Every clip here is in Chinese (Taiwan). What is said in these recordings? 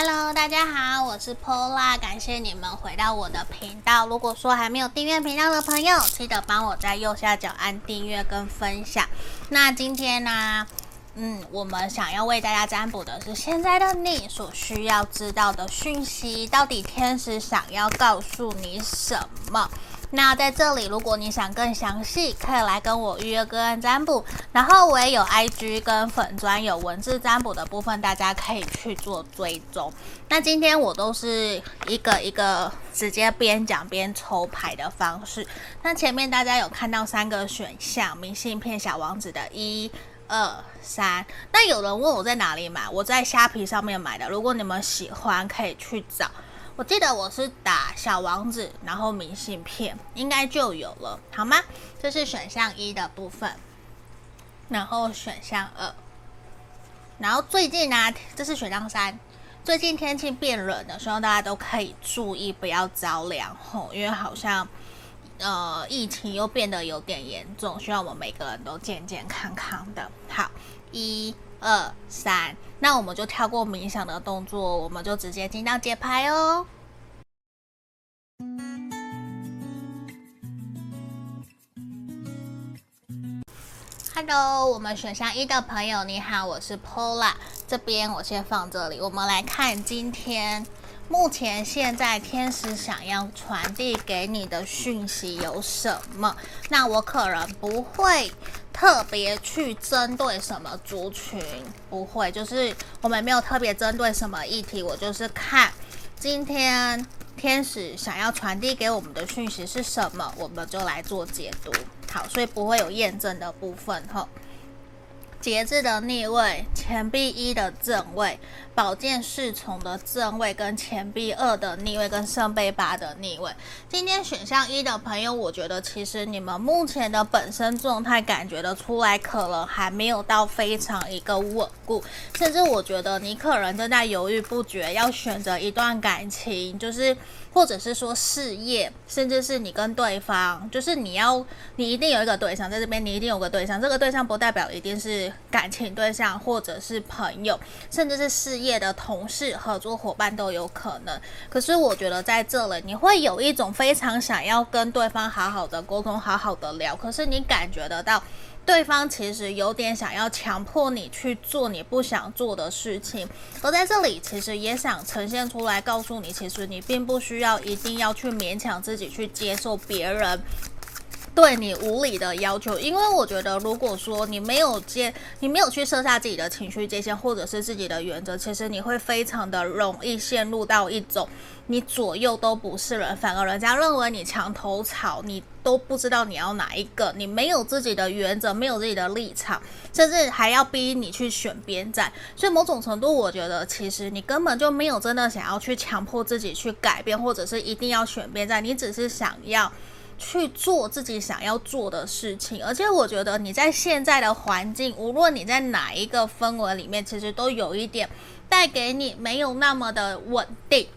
Hello，大家好，我是 Paula，感謝你們回到我的頻道。如果說還沒有訂閱頻道的朋友，記得幫我在右下角按訂閱跟分享。那今天呢、啊，嗯，我們想要為大家占卜的是現在的你所需要知道的訊息，到底天使想要告訴你什麼？那在這裡，如果你想更詳細，可以來跟我預約個案占卜。然後我也有 IG 跟粉專，有文字占卜的部分，大家可以去做追蹤。那今天我都是一個一個直接邊講邊抽牌的方式。那前面大家有看到三個選項，明信片《小王子》的一、二、三。那有人問我在哪裡買？我在蝦皮上面買的。如果你們喜歡，可以去找。我記得我是打小王子，然後明信片，應該就有了，好嗎？這是選項一的部分。然後選項二。然後最近呢、啊，這是選項三。最近天氣變冷了，希望大家都可以注意，不要着涼哦。因為好像呃疫情又變得有點嚴重，希望我們每個人都健健康康的。好，一。二三，那我們就跳過冥想的動作，我們就直接進到接牌哦。Hello，我們選項一的朋友你好，我是 Paula，這邊我先放這裡。我們來看今天目前現在天使想要傳遞給你的訊息有什麼？那我可能不會。特別去針對什麼族群不會，就是我們沒有特別針對什麼議題，我就是看今天天使想要傳遞給我們的訊息是什麼，我們就來做解讀。好，所以不會有驗證的部分哈。節制的逆位，錢幣一的正位。寶劍侍從的正位，跟錢幣二的逆位，跟聖杯八的逆位。今天選項一的朋友，我覺得其實你們目前的本身狀態感覺得出來，可能還沒有到非常一個穩固，甚至我覺得你可能正在猶豫不決，要選擇一段感情，就是或者是說事業，甚至是你跟對方，就是你要你一定有一個對象在這邊，你一定有個對象，這個對象不代表一定是感情對象，或者是朋友，甚至是事業。業的同事、合作夥伴都有可能。可是，我覺得在這裡你會有一種非常想要跟對方好好的溝通、好好的聊。可是，你感覺得到，對方其實有點想要強迫你去做你不想做的事情。而在這裡其實也想呈現出來，告訴你，其實你並不需要一定要去勉強自己去接受別人，對你無理的要求，因為我覺得，如果說你沒有接，你沒有去設下自己的情緒界限，或者是自己的原則，其實你會非常的容易陷入到一種你左右都不是人，反而人家認為你牆頭草，你都不知道你要哪一個，你沒有自己的原則，沒有自己的立場，甚至還要逼你去選邊站。所以某種程度，我覺得其實你根本就沒有真的想要去強迫自己去改變，或者是一定要選邊站，你只是想要，去做自己想要做的事情，而且我覺得你在現在的環境，無論你在哪一個氛圍裡面，其實都有一點帶給你沒有那麼的穩定，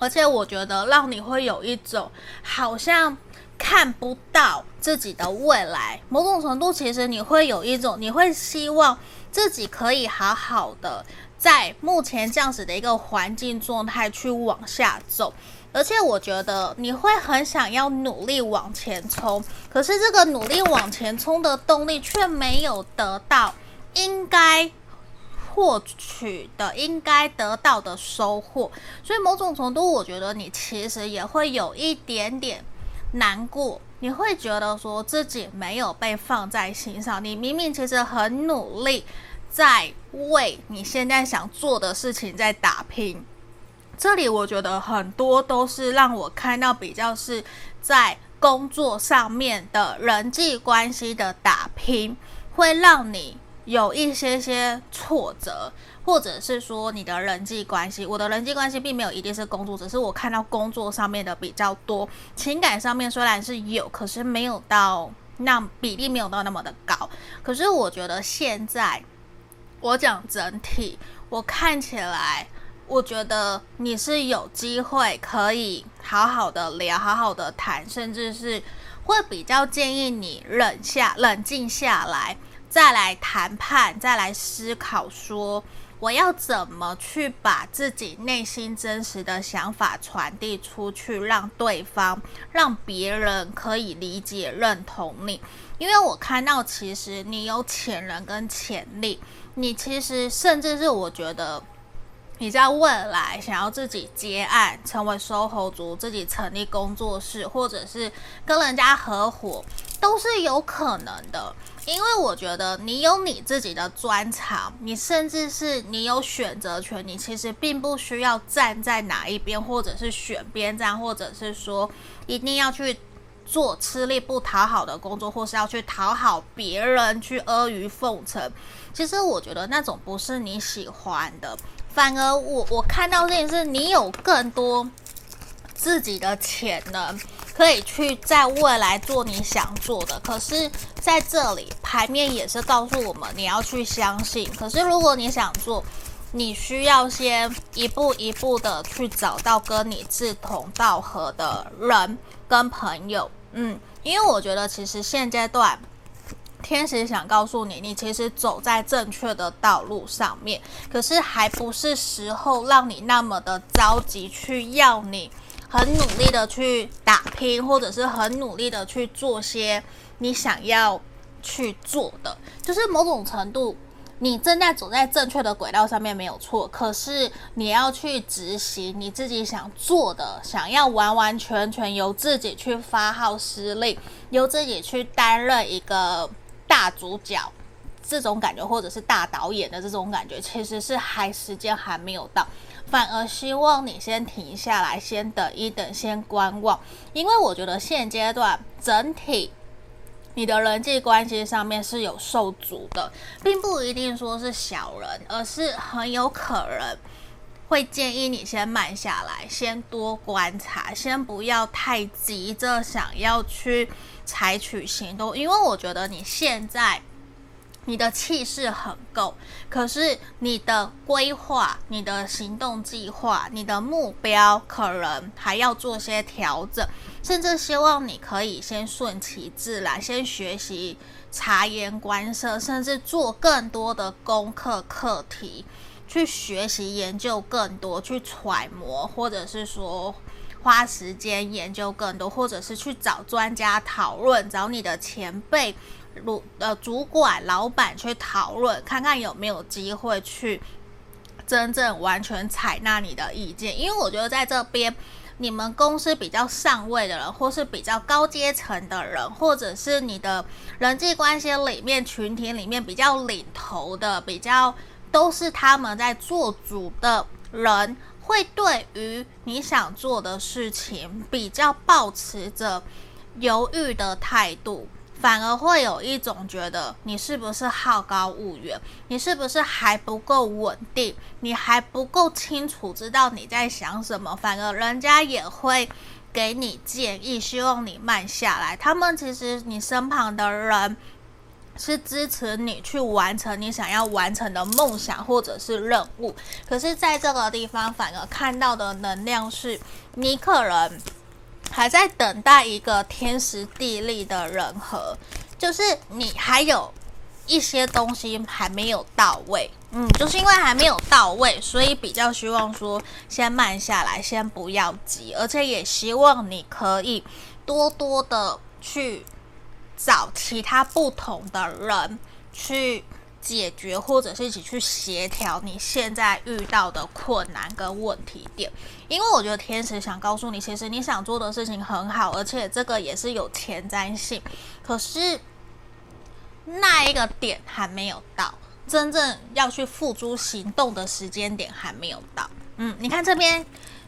而且我覺得讓你會有一種好像看不到自己的未來，某種程度其實你會有一種，你會希望自己可以好好的在目前這樣子的一個環境狀態去往下走。而且我覺得你會很想要努力往前衝，可是這個努力往前衝的動力卻沒有得到應該獲取的、應該得到的收穫。所以某種程度，我覺得你其實也會有一點點難過，你會覺得說自己沒有被放在心上。你明明其實很努力，在為你現在想做的事情在打拼。這裡我覺得很多都是讓我看到比較是在工作上面的人際關係的打拼，會讓你有一些些挫折，或者是說你的人際關係。我的人際關係並沒有一定是工作，只是我看到工作上面的比較多，情感上面雖然是有，可是沒有到那比例，沒有到那麼的高。可是我覺得現在我講整體，我看起來。我覺得你是有機會可以好好的聊，好好的談，甚至是會比較建議你冷下、冷靜下來，再來談判，再來思考，說我要怎麼去把自己內心真實的想法傳遞出去，讓對方、讓別人可以理解、認同你。因為我看到，其實你有潛能跟潛力，你其實甚至是我覺得。你在未來想要自己接案，成為 SOHO 族，自己成立工作室，或者是跟人家合夥，都是有可能的。因為我覺得你有你自己的專長，你甚至是你有選擇權。你其實並不需要站在哪一邊，或者是選邊站，或者是說一定要去做吃力不討好的工作，或是要去討好別人去阿諛奉承。其實我覺得那種不是你喜歡的。反而我，我我看到這件事你有更多自己的潛能，可以去在未來做你想做的。可是在這裡，牌面也是告訴我們你要去相信。可是如果你想做，你需要先一步一步的去找到跟你志同道合的人跟朋友。嗯，因為我覺得其實現階段。天使想告訴你，你其實走在正確的道路上面，可是還不是時候讓你那麼的着急去要你很努力的去打拼，或者是很努力的去做些你想要去做的。就是某種程度，你正在走在正確的軌道上面沒有錯，可是你要去執行你自己想做的，想要完完全全由自己去發號施令，由自己去擔任一個。大主角這種感覺，或者是大導演的這種感覺，其實是還時間還沒有到，反而希望你先停下來，先等一等，先觀望，因為我覺得現階段整體你的人際關係上面是有受阻的，並不一定說是小人，而是很有可能會建議你先慢下來，先多觀察，先不要太急着想要去。採取行動，因為我覺得你現在你的氣勢很夠，可是你的規劃、你的行動計劃、你的目標可能還要做些調整，甚至希望你可以先順其自然，先學習察言觀色，甚至做更多的功課、課題去學習、研究更多，去揣摩，或者是說，花時間研究更多，或者是去找專家討論，找你的前輩、主呃主管、老闆去討論，看看有沒有機會去真正完全採納你的意見。因為我覺得在這邊，你們公司比較上位的人，或是比較高階層的人，或者是你的人際關係裡面，群體裡面比較領頭的，比較都是他們在做主的人。會對於你想做的事情比較抱持着猶豫的態度，反而會有一種覺得你是不是好高騖遠，你是不是還不夠穩定，你還不夠清楚知道你在想什麼。反而人家也會給你建議，希望你慢下來。他們其實你身旁的人。是支持你去完成你想要完成的夢想或者是任務，可是在這個地方反而看到的能量是，你可能還在等待一個天時地利的人和，就是你還有一些東西還沒有到位，嗯，就是因為還沒有到位，所以比較希望說先慢下來，先不要急，而且也希望你可以多多的去。找其他不同的人去解決，或者是一起去協調你現在遇到的困難跟問題點，因為我覺得天使想告訴你，其實你想做的事情很好，而且這個也是有前瞻性，可是那一個點還沒有到，真正要去付諸行動的時間點還沒有到。嗯，你看這邊，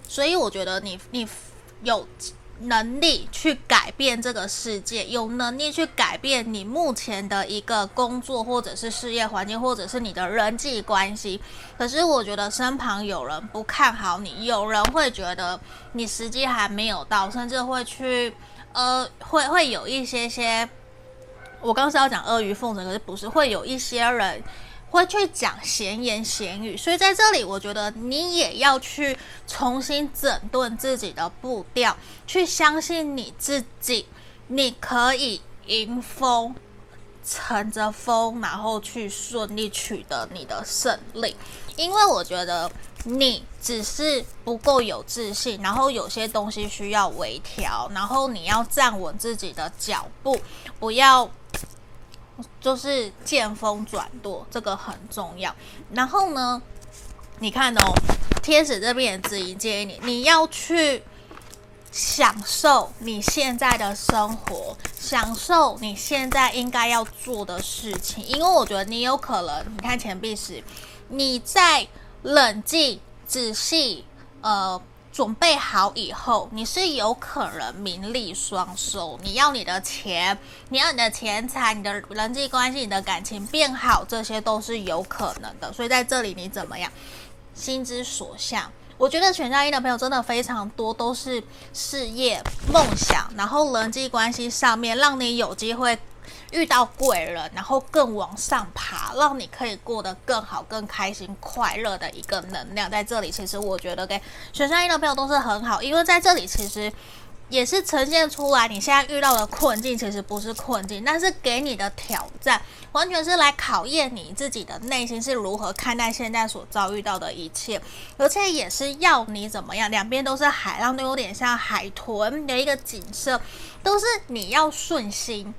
所以我覺得你你有。能力去改變這個世界，有能力去改變你目前的一個工作或者是事業環境，或者是你的人際關係。可是我覺得身旁有人不看好你，有人會覺得你時機還沒有到，甚至會去呃、，會會有一些些，我剛是要講阿諛奉承，可是不是，會有一些人。會去講閒言閒語，所以在這裡，我覺得你也要去重新整頓自己的步調，去相信你自己，你可以迎風乘着風，然後去順利取得你的勝利。因為我覺得你只是不夠有自信，然後有些東西需要微調，然後你要站穩自己的腳步，不要。就是見風轉舵，這個很重要。然後呢，你看哦，天使這邊也指引建議你，你要去享受你現在的生活，享受你現在應該要做的事情。因為我覺得你有可能，你看錢幣時，你在冷靜、仔細，呃。準備好以後，你是有可能名利雙收。你要你的錢，你要你的錢財，你的人際關係，你的感情變好，這些都是有可能的。所以在這裡，你怎麼樣？心之所向，我覺得選上一的朋友真的非常多，都是事業夢想，然後人際關係上面，讓你有機會，遇到貴人，然後更往上爬，讓你可以過得更好、更開心、快樂的一個能量在這裡。其實我覺得給選項一的朋友都是很好，因為在這裡其實也是呈現出來你現在遇到的困境，其實不是困境，但是給你的挑戰完全是來考驗你自己的內心是如何看待現在所遭遇到的一切，而且也是要你怎麼樣。兩邊都是海浪，都有點像海豚的一個景色，都是你要順心。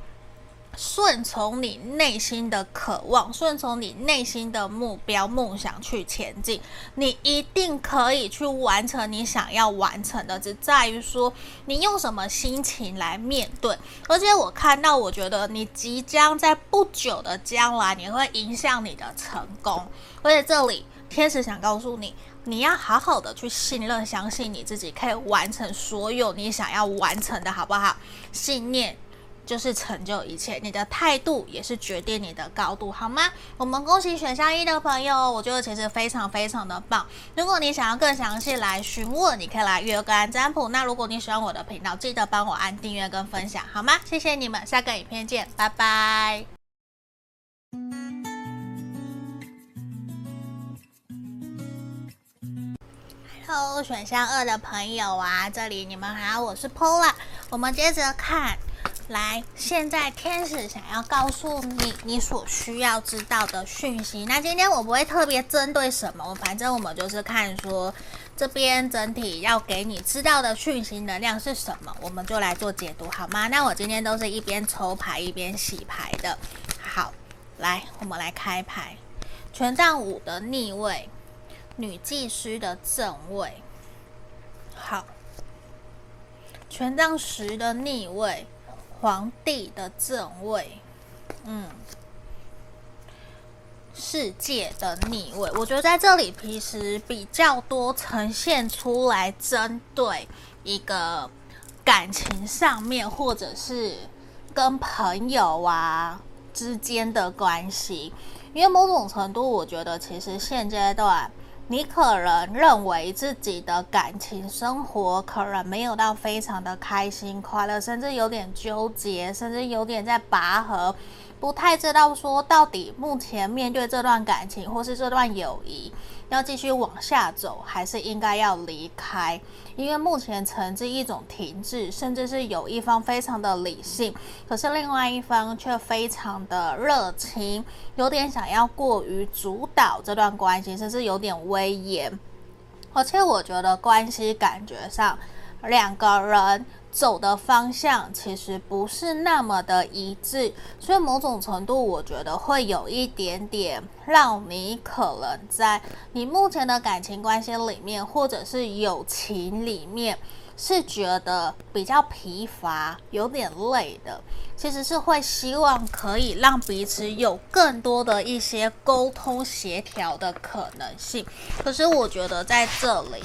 順從你內心的渴望，順從你內心的目標、夢想，去前進，你一定可以去完成你想要完成的，只在於說你用什麼心情來面對。而且我看到，我覺得你即將在不久的將來，你會迎向你的成功。而且這裡天使想告訴你，你要好好的去信任、相信你自己，可以完成所有你想要完成的，好不好？信念。就是成就一切，你的態度也是決定你的高度，好嗎？我們恭喜選項一的朋友，我覺得其實非常非常的棒。如果你想要更詳細來詢問，你可以來預約個案占卜。那如果你喜歡我的頻道，記得幫我按訂閱跟分享，好嗎？謝謝你們，下個影片見，拜拜。Hello，選項二的朋友啊，這裡你們好，我是 Paula 啊，我們接着看。來，現在天使想要告訴你你所需要知道的訊息。那今天我不會特別針對什麼，我反正我們就是看說這邊整體要給你知道的訊息能量是什麼，我們就來做解讀好嗎？那我今天都是一邊抽牌一邊洗牌的。好，來，我們來開牌，權杖五的逆位，女祭司的正位，好，權杖十的逆位。皇帝的正位，嗯，世界的逆位。我覺得在這裡其實比較多呈現出來，針對一個感情上面，或者是跟朋友啊之間的關係。因為某種程度，我覺得其實現階段。你可能認為自己的感情生活可能沒有到非常的開心、快樂，甚至有點糾結，甚至有點在拔河。不太知道說到底，目前面對這段感情或是這段友誼，要繼續往下走還是應該要離開？因為目前呈現一種停滯，甚至是有一方非常的理性，可是另外一方卻非常的熱情，有點想要過於主導這段關係，甚至有點威嚴。而且我覺得關係感覺上，兩個人。走的方向其實不是那麼的一致，所以某種程度，我覺得會有一點點讓你可能在你目前的感情關係裡面，或者是友情裡面，是覺得比較疲乏、有點累的。其實是會希望可以讓彼此有更多的一些溝通協調的可能性。可是我覺得在這裡，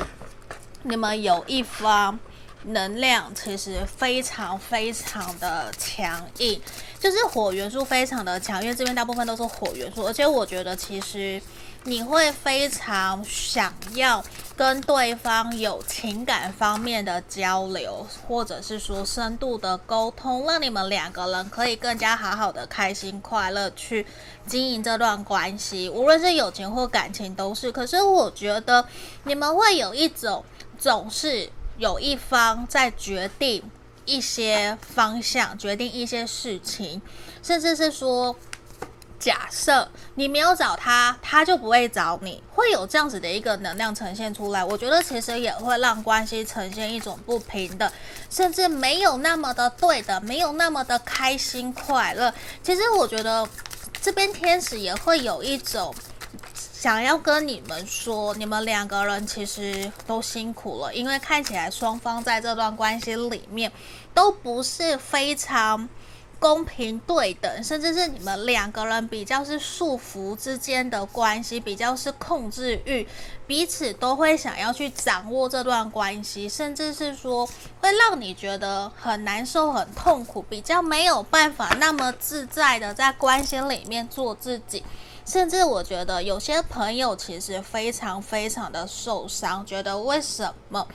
你們有一方。能量其實非常非常的強硬，就是火元素非常的強，因為這邊大部分都是火元素，而且我覺得其實你會非常想要跟對方有情感方面的交流，或者是說深度的溝通，讓你們兩個人可以更加好好的開心快樂去經營這段關係，無論是友情或感情都是。可是我覺得你們會有一種總是。有一方在決定一些方向，決定一些事情，甚至是說，假設你沒有找他，他就不會找你，會有這樣子的一個能量呈現出來。我覺得其實也會讓關係呈現一種不平的，甚至沒有那麼的對的，沒有那麼的開心快樂。其實我覺得這邊天使也會有一種。想要跟你們說，你們兩個人其實都辛苦了，因為看起來雙方在這段關係裡面都不是非常公平對等，甚至是你們兩個人比較是束縛之間的關係，比較是控制欲，彼此都會想要去掌握這段關係，甚至是說會讓你覺得很難受、很痛苦，比較沒有辦法那麼自在的在關係裡面做自己。甚至我覺得有些朋友其實非常非常的受傷，覺得為什麼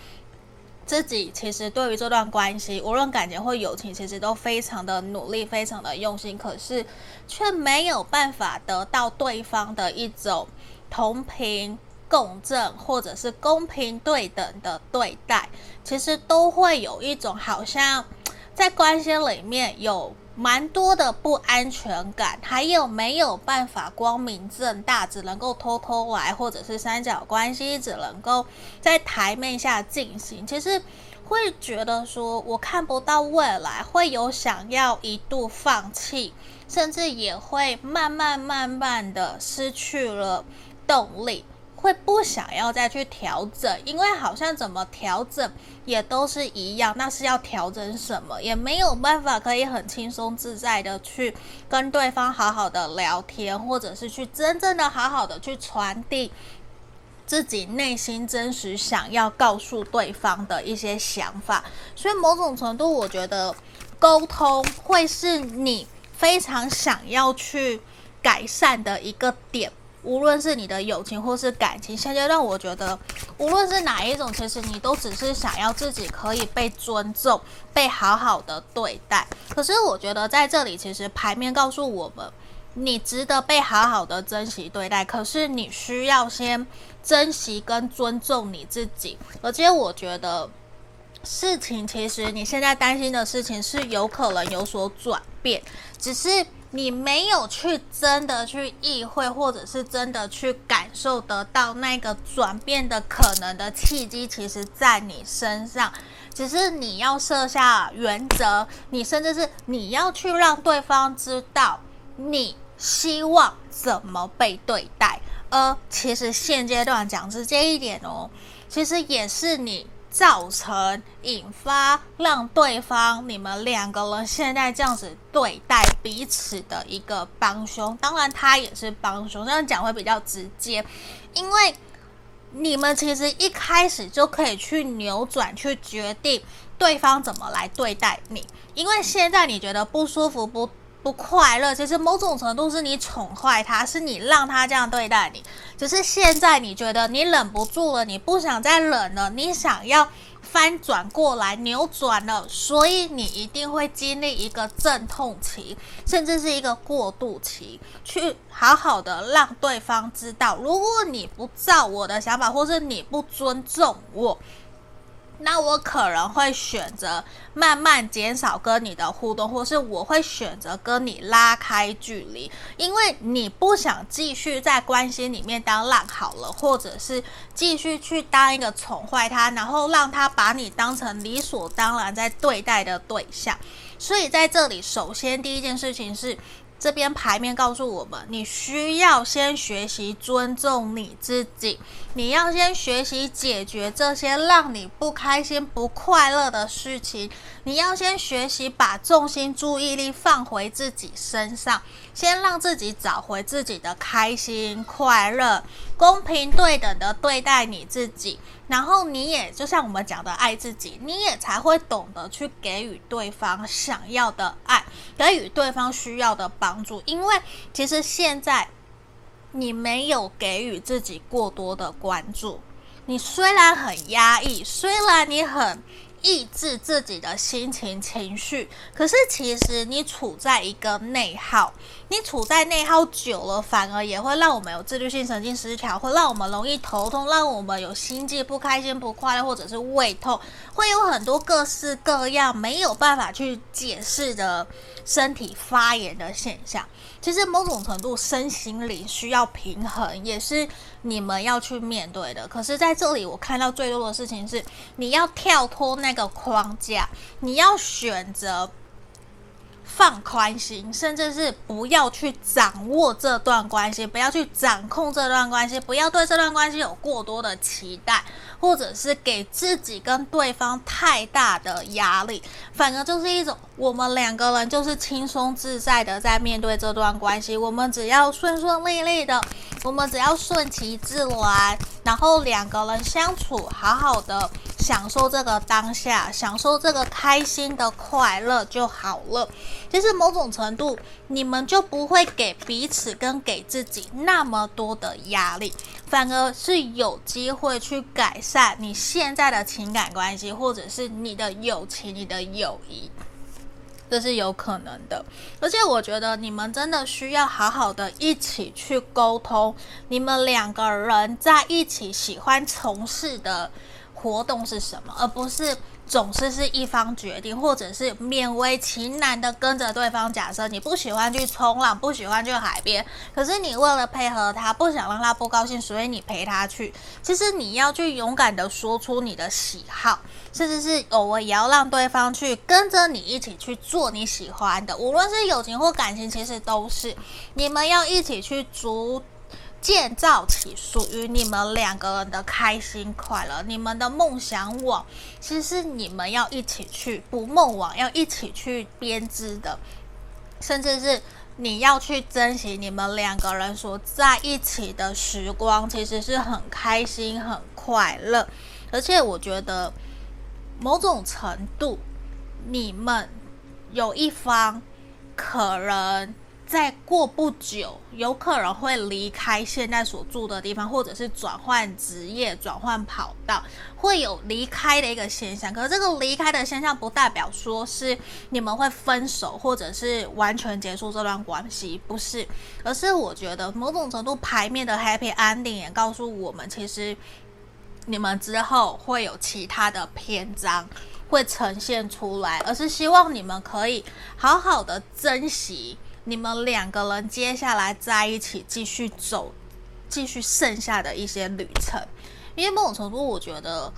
自己其實對於這段關係，無論感情或友情，其實都非常的努力，非常的用心，可是卻沒有辦法得到對方的一種同頻共振，或者是公平對等的對待，其實都會有一種好像在關係裡面有，蠻多的不安全感，還有沒有辦法光明正大，只能夠偷偷來，或者是三角關係，只能夠在台面下進行。其實會覺得說我看不到未來，會有想要一度放棄，甚至也會慢慢慢慢的失去了動力。會不想要再去調整，因為好像怎麼調整也都是一樣。那是要調整什麼？也沒有辦法可以很輕鬆自在的去跟對方好好的聊天，或者是去真正的好好的去傳遞自己內心真實想要告訴對方的一些想法。所以某種程度，我覺得溝通會是你非常想要去改善的一個點。無論是你的友情或是感情，現階段我覺得，無論是哪一種，其實你都只是想要自己可以被尊重、被好好的對待。可是我覺得在這裡，其實牌面告訴我們，你值得被好好的珍惜對待。可是你需要先珍惜跟尊重你自己。而且我覺得，事情其實你現在擔心的事情是有可能有所轉變。只是你沒有去真的去意會，或者是真的去感受得到那個轉變的可能的契機，其實，在你身上。只是你要設下原則，你甚至是你要去讓對方知道你希望怎麼被對待。而其實現階段講直接一點哦，其實也是你。造成、引發、讓對方、你們兩個人現在這樣子對待彼此的一個幫兇，當然他也是幫兇。這樣講會比較直接，因為你們其實一開始就可以去扭轉、去決定對方怎麼來對待你，因為現在你覺得不舒服不？不快樂，其實某種程度是你寵壞他，是你讓他這樣對待你，只、就是現在你覺得你忍不住了，你不想再忍了，你想要翻轉過來，扭轉了，所以你一定會經歷一個陣痛期，甚至是一個過渡期，去好好的讓對方知道，如果你不照我的想法，或是你不尊重我。那我可能會選擇慢慢減少跟你的互動，或是我會選擇跟你拉開距離，因為你不想繼續在關係裡面當爛好人，或者是繼續去當一個寵壞他，然後讓他把你當成理所當然在對待的對象。所以在這裡，首先第一件事情是，這邊牌面告訴我們，你需要先學習尊重你自己。你要先學習解決這些讓你不開心、不快樂的事情。你要先學習把重心、注意力放回自己身上，先讓自己找回自己的開心、快樂，公平對等的對待你自己。然後你也就像我們講的愛自己，你也才會懂得去給予對方想要的愛，給予對方需要的幫助。因為其實現在。你沒有給予自己過多的關注，你雖然很壓抑，雖然你很抑制自己的心情、情緒，可是其實你處在一個內耗，你處在內耗久了，反而也會讓我們有自律性神經失調，會讓我們容易頭痛，讓我們有心悸、不開心、不快樂，或者是胃痛，會有很多各式各樣沒有辦法去解釋的。身體發炎的現象，其實某種程度身心靈需要平衡，也是你們要去面對的。可是在這裡，我看到最多的事情是，你要跳脫那個框架，你要選擇。放寬心，甚至是不要去掌握這段關係，不要去掌控這段關係，不要對這段關係有過多的期待，或者是給自己跟對方太大的壓力。反而就是一種我們兩個人就是輕鬆自在的在面對這段關係，我們只要順順利利的，我們只要順其自然，然後兩個人相處，好好的享受這個當下，享受這個開心的快樂就好了。其實某種程度，你們就不會給彼此跟給自己那麼多的壓力，反而是有機會去改善你現在的情感關係，或者是你的友情、你的友誼，這是有可能的。而且我覺得你們真的需要好好的一起去溝通，你們兩個人在一起喜歡從事的活動是什麼，而不是。總是是一方決定，或者是勉為其難的跟着對方。假設你不喜歡去衝浪，不喜歡去海邊，可是你為了配合他，不想讓他不高興，所以你陪他去。其實你要去勇敢的說出你的喜好，甚至是偶爾也要讓對方去跟着你一起去做你喜歡的。無論是友情或感情，其實都是你們要一起去逐。建造起屬於你們兩個人的開心快樂，你們的夢想網，其實是你們要一起去捕夢網，要一起去編織的，甚至是你要去珍惜你們兩個人所在一起的時光，其實是很開心很快樂，而且我覺得某種程度，你們有一方可能。在過不久，有可能會離開現在所住的地方，或者是轉換職業、轉換跑道，會有離開的一個現象。可是這個離開的現象不代表說是你們會分手，或者是完全結束這段關係，不是。而是我覺得某種程度牌面的 Happy Ending 也告訴我們，其實你們之後會有其他的篇章會呈現出來，而是希望你們可以好好的珍惜。你們兩個人接下來在一起繼續走，繼續剩下的一些旅程。因為某種程度，我覺得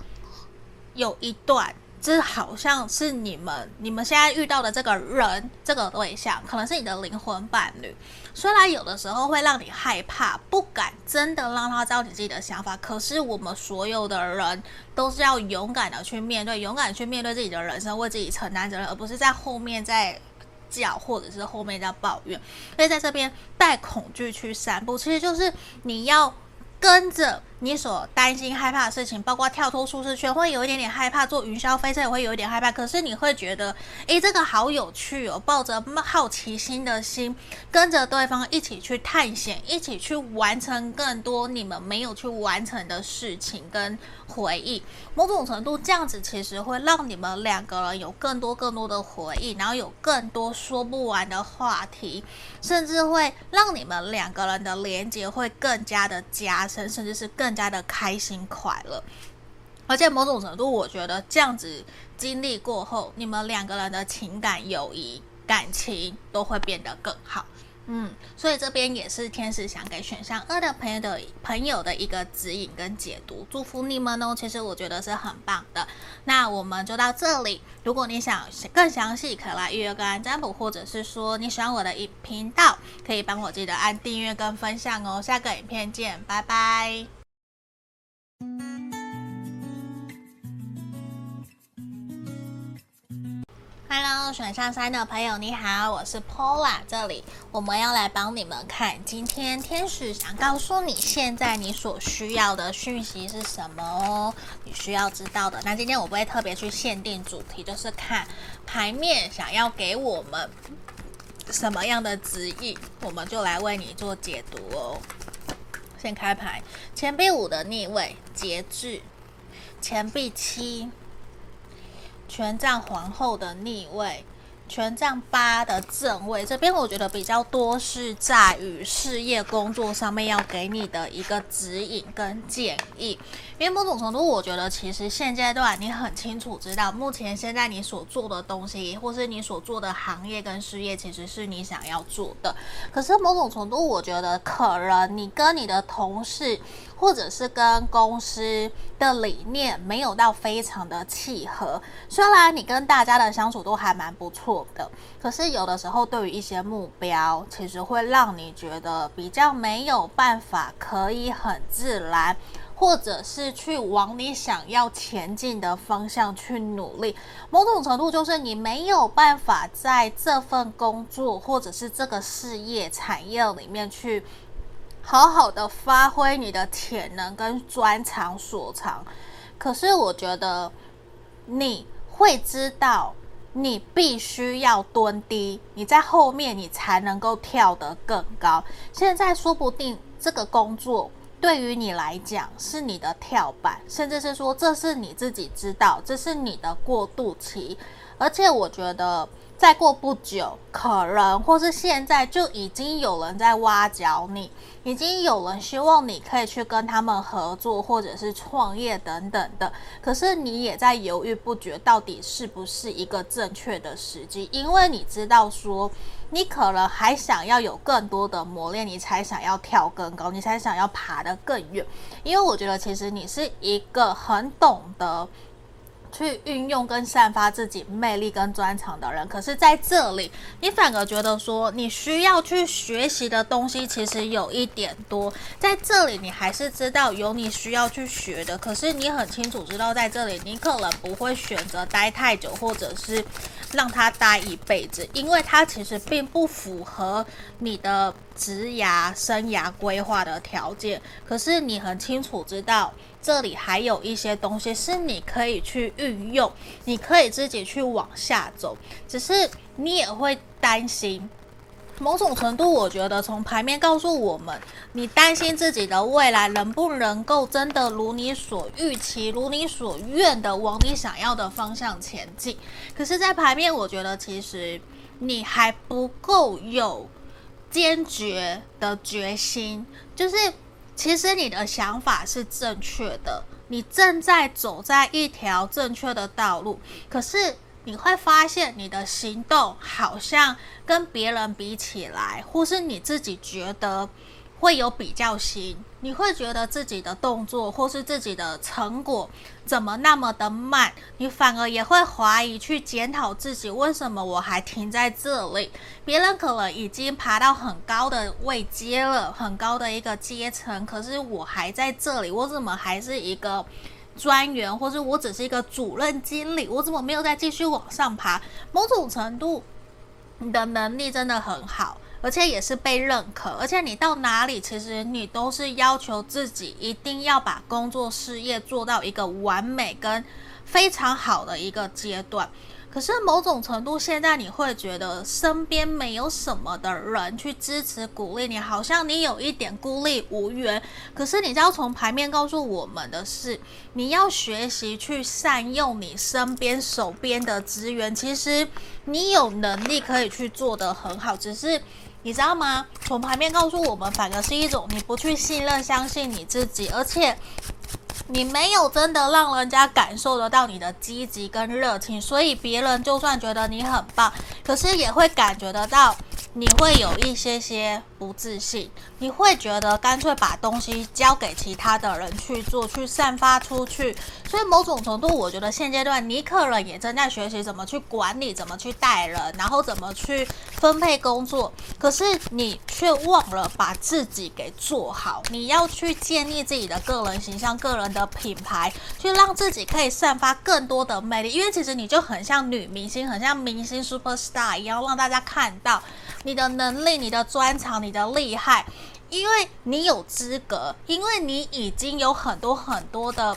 有一段，這好像是你們你們現在遇到的這個人，這個對象，可能是你的靈魂伴侶。雖然有的時候會讓你害怕，不敢真的讓他知道你自己的想法。可是我們所有的人都是要勇敢的去面對，勇敢去面對自己的人生，為自己承擔責任，而不是在後面在叫，或者是後面在抱怨，所以在這邊帶恐懼去散步，其實就是你要，跟着你所擔心害怕的事情，包括跳脫舒適圈，會有一點點害怕；坐雲霄飛車也會有一點害怕。可是你會覺得，誒、欸，這個好有趣哦！抱着好奇心的心，跟着對方一起去探險，一起去完成更多你們沒有去完成的事情跟回憶。某種程度，這樣子其實會讓你們兩個人有更多更多的回憶，然後有更多說不完的話題，甚至會讓你們兩個人的連結會更加的加深。甚至是更加的開心快樂，而且某種程度，我覺得這樣子經歷過後，你們兩個人的情感、友誼、感情都會變得更好。嗯，所以這邊也是天使想給選項二的朋友的朋友的一個指引跟解讀，祝福你們哦、喔。其實我覺得是很棒的。那我們就到這裡。如果你想更詳細，可以來預約個案占卜，或者是說你喜歡我的頻道，可以幫我記得按訂閱跟分享哦、喔。下個影片見，拜拜。哈嘍選項三的朋友，你好，我是 Paula、啊、這裡我們要來幫你們看，今天天使想告訴你，現在你所需要的訊息是什麼哦？你需要知道的。那今天我不會特別去限定主題，就是看牌面想要給我們什麼樣的指引，我們就來為你做解讀哦。先開牌，錢幣五的逆位、節制、錢幣七。權杖皇後的逆位，權杖八的正位，這邊我覺得比較多是在於事業工作上面要給你的一個指引跟建議。因為某種程度，我覺得其實現階段你很清楚知道，目前現在你所做的東西，或是你所做的行業跟事業，其實是你想要做的。可是某種程度，我覺得可能你跟你的同事，或者是跟公司的理念沒有到非常的契合。雖然你跟大家的相處都還蠻不錯的，可是有的時候對於一些目標，其實會讓你覺得比較沒有辦法，可以很自然。或者是去往你想要前進的方向去努力，某種程度就是你沒有辦法在這份工作或者是這個事業產業裡面去好好的發揮你的潛能跟專長所長。可是我覺得你會知道，你必須要蹲低，你在後面你才能夠跳得更高。現在說不定這個工作。對於你來講，是你的跳板，甚至是說，這是你自己知道，這是你的過渡期，而且我覺得。再過不久，可能或是現在就已經有人在挖角你，已經有人希望你可以去跟他們合作，或者是創業等等的。可是你也在猶豫不決，到底是不是一個正確的時機？因為你知道說，你可能還想要有更多的磨練，你才想要跳更高，你才想要爬得更遠。因為我覺得其實你是一個很懂得。去運用跟散發自己魅力跟專長的人，可是在這裡，你反而覺得說你需要去學習的東西其實有一點多。在這裡，你還是知道有你需要去學的，可是你很清楚知道，在這裡你可能不會選擇待太久，或者是讓他待一輩子，因為他其實並不符合你的職涯生涯規劃的條件。可是你很清楚知道。這裡還有一些東西是你可以去運用，你可以自己去往下走，只是你也會擔心。某種程度，我覺得從牌面告訴我們，你擔心自己的未來能不能夠真的如你所預期、如你所願的往你想要的方向前進。可是，在牌面，我覺得其實你還不夠有堅決的決心，就是。其實你的想法是正確的，你正在走在一條正確的道路。可是你會發現，你的行動好像跟別人比起來，或是你自己覺得。會有比較心，你會覺得自己的動作或是自己的成果怎麼那麼的慢？你反而也會懷疑去檢討自己，為什麼我還停在這裡？別人可能已經爬到很高的位階了，很高的一個階層，可是我還在這裡，我怎麼還是一個專員，或是我只是一個主任經理？我怎麼沒有再繼續往上爬？某種程度，你的能力真的很好。而且也是被認可，而且你到哪裡，其實你都是要求自己一定要把工作事業做到一個完美跟非常好的一個階段。可是某種程度，現在你會覺得身邊沒有什麼的人去支持鼓勵你，好像你有一點孤立無援。可是你就要從牌面告訴我們的是，你要學習去善用你身邊手邊的資源。其實你有能力可以去做得很好，只是。你知道嗎？從牌面告訴我們，反而是一種你不去信任、相信你自己，而且你沒有真的讓人家感受得到你的積極跟熱情，所以別人就算覺得你很棒，可是也會感覺得到。你會有一些些不自信，你會覺得乾脆把東西交給其他的人去做，去散發出去。所以某種程度，我覺得現階段你可能也正在學習怎麼去管理，怎麼去帶人，然後怎麼去分配工作。可是你卻忘了把自己給做好。你要去建立自己的個人形象、個人的品牌，去讓自己可以散發更多的魅力。因為其實你就很像女明星，很像明星 superstar 一樣，讓大家看到。你的能力、你的專長、你的厲害，因為你有資格，因為你已經有很多很多的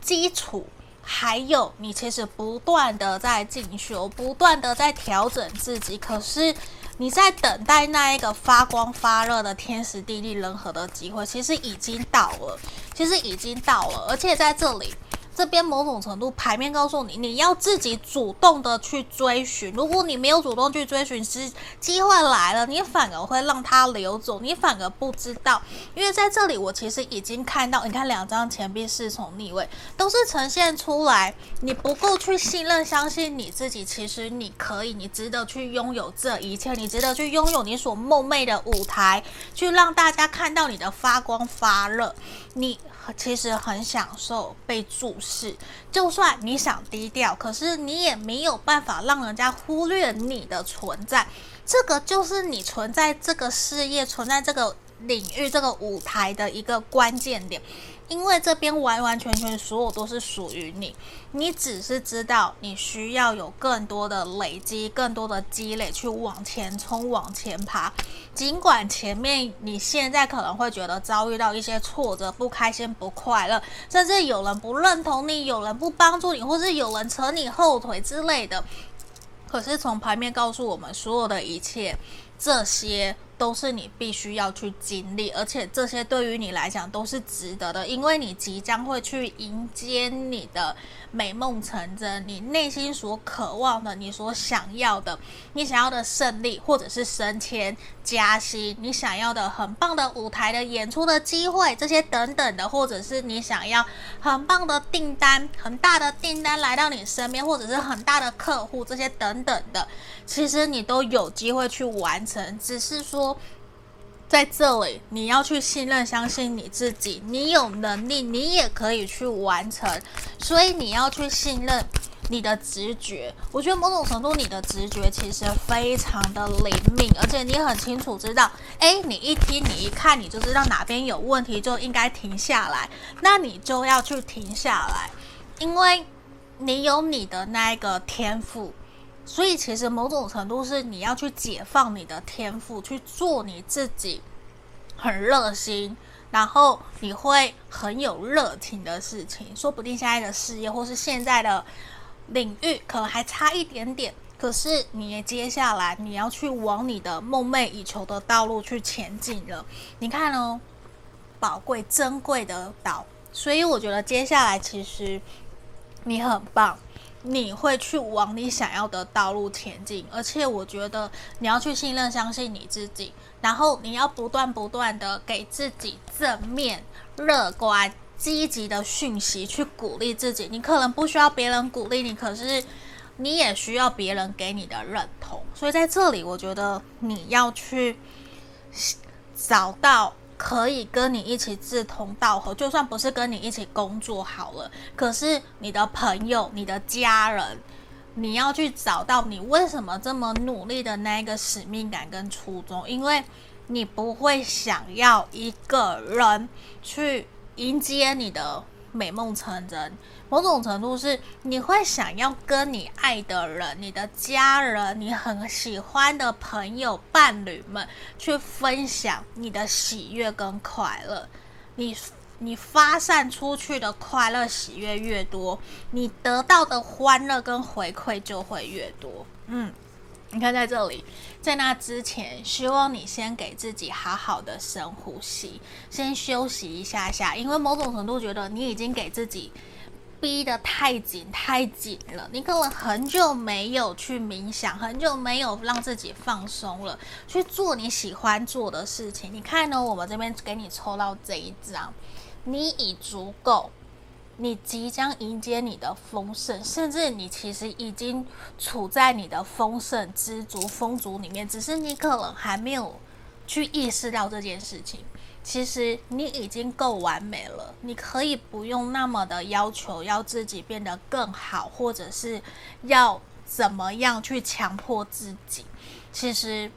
基礎，還有你其實不斷的在進修，不斷的在調整自己。可是你在等待那一個發光發熱的天時地利人和的機會，其實已經到了，其實已經到了，而且在這裡。這邊某種程度牌面告訴你，你要自己主動的去追尋。如果你沒有主動去追尋，是機會來了，你反而會讓它流走，你反而不知道。因為在這裡，我其實已經看到，你看兩張錢幣侍從逆位，都是呈現出來你不夠去信任、相信你自己。其實你可以，你值得去擁有這一切，你值得去擁有你所夢寐的舞台，去讓大家看到你的發光發熱。你其實很享受被注視，就算你想低調，可是你也沒有辦法讓人家忽略你的存在。這個就是你存在這個事業、存在這個領域、這個舞台的一個關鍵點。因為這邊完完全全所有都是屬於你，你只是知道你需要有更多的累積、更多的積累去往前衝、往前爬。儘管前面你現在可能會覺得遭遇到一些挫折、不開心、不快樂，甚至有人不認同你、有人不幫助你，或是有人扯你後腿之類的。可是從牌面告訴我們，所有的一切。這些都是你必須要去經歷，而且這些對於你來講都是值得的，因為你即將會去迎接你的美夢成真，你內心所渴望的，你所想要的，你想要的勝利，或者是升遷、加薪，你想要的很棒的舞台的演出的機會，這些等等的，或者是你想要很棒的訂單、很大的訂單來到你身邊，或者是很大的客戶，這些等等的，其實你都有機會去完成。成只是說，在這裡你要去信任、相信你自己，你有能力，你也可以去完成。所以你要去信任你的直覺。我覺得某種程度，你的直覺其實非常的靈敏，而且你很清楚知道，誒，你一聽、你一看，你就知道哪邊有問題，就應該停下來。那你就要去停下來，因為你有你的那個天賦。所以，其實某種程度是你要去解放你的天賦，去做你自己很熱心，然後你會很有熱情的事情。說不定現在的事業或是現在的領域可能還差一點點，可是你接下來你要去往你的夢寐以求的道路去前進了。你看哦，寶貴、珍貴的島，所以我覺得接下來其實你很棒。你會去往你想要的道路前進，而且我覺得你要去信任、相信你自己，然後你要不斷不斷的給自己正面、樂觀、積極的訊息去鼓勵自己。你可能不需要別人鼓勵你，可是你也需要別人給你的認同。所以在這裡，我覺得你要去找到。可以跟你一起志同道合，就算不是跟你一起工作好了，可是你的朋友、你的家人，你要去找到你為什麼這麼努力的那一個使命感跟初衷，因為你不會想要一個人去迎接你的。美夢成真，某種程度是你會想要跟你愛的人、你的家人、你很喜歡的朋友、伴侶們去分享你的喜悅跟快樂。你你發散出去的快樂喜悅越多，你得到的歡樂跟回饋就會越多。嗯。你看，在這裡，在那之前，希望你先給自己好好的深呼吸，先休息一下下，因為某種程度覺得你已經給自己逼得太緊太緊了。你可能很久沒有去冥想，很久沒有讓自己放鬆了，去做你喜歡做的事情。你看呢？我們這邊給你抽到這一張，你已足夠。你即將迎接你的豐盛，甚至你其實已經處在你的豐盛、知足、豐足裡面，只是你可能還沒有去意識到這件事情。其實你已經夠完美了，你可以不用那麼的要求，要自己變得更好，或者是要怎麼樣去強迫自己。其實。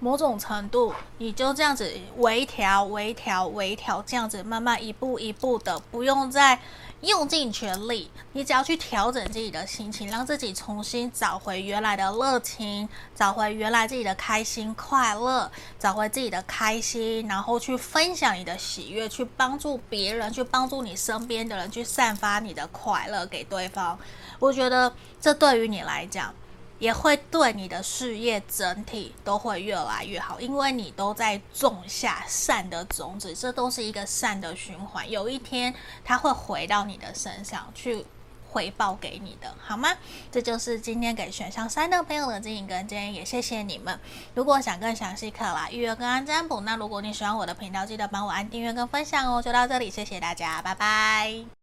某種程度，你就這樣子微調、微調、微調，這樣子慢慢一步一步的，不用再用盡全力。你只要去調整自己的心情，讓自己重新找回原來的熱情，找回原來自己的開心、快樂，找回自己的開心，然後去分享你的喜悅，去幫助別人，去幫助你身邊的人，去散發你的快樂給對方。我覺得這對於你來講。也會對你的事業整體都會越來越好，因為你都在種下善的種子，這都是一個善的循環。有一天，它會回到你的身上去回報給你的，好嗎？這就是今天給選項三的朋友的經營跟建議，也謝謝你們。如果想更詳細看完預約跟個案占卜。那如果你喜歡我的頻道，記得幫我按訂閱跟分享哦。就到這裡，謝謝大家，拜拜。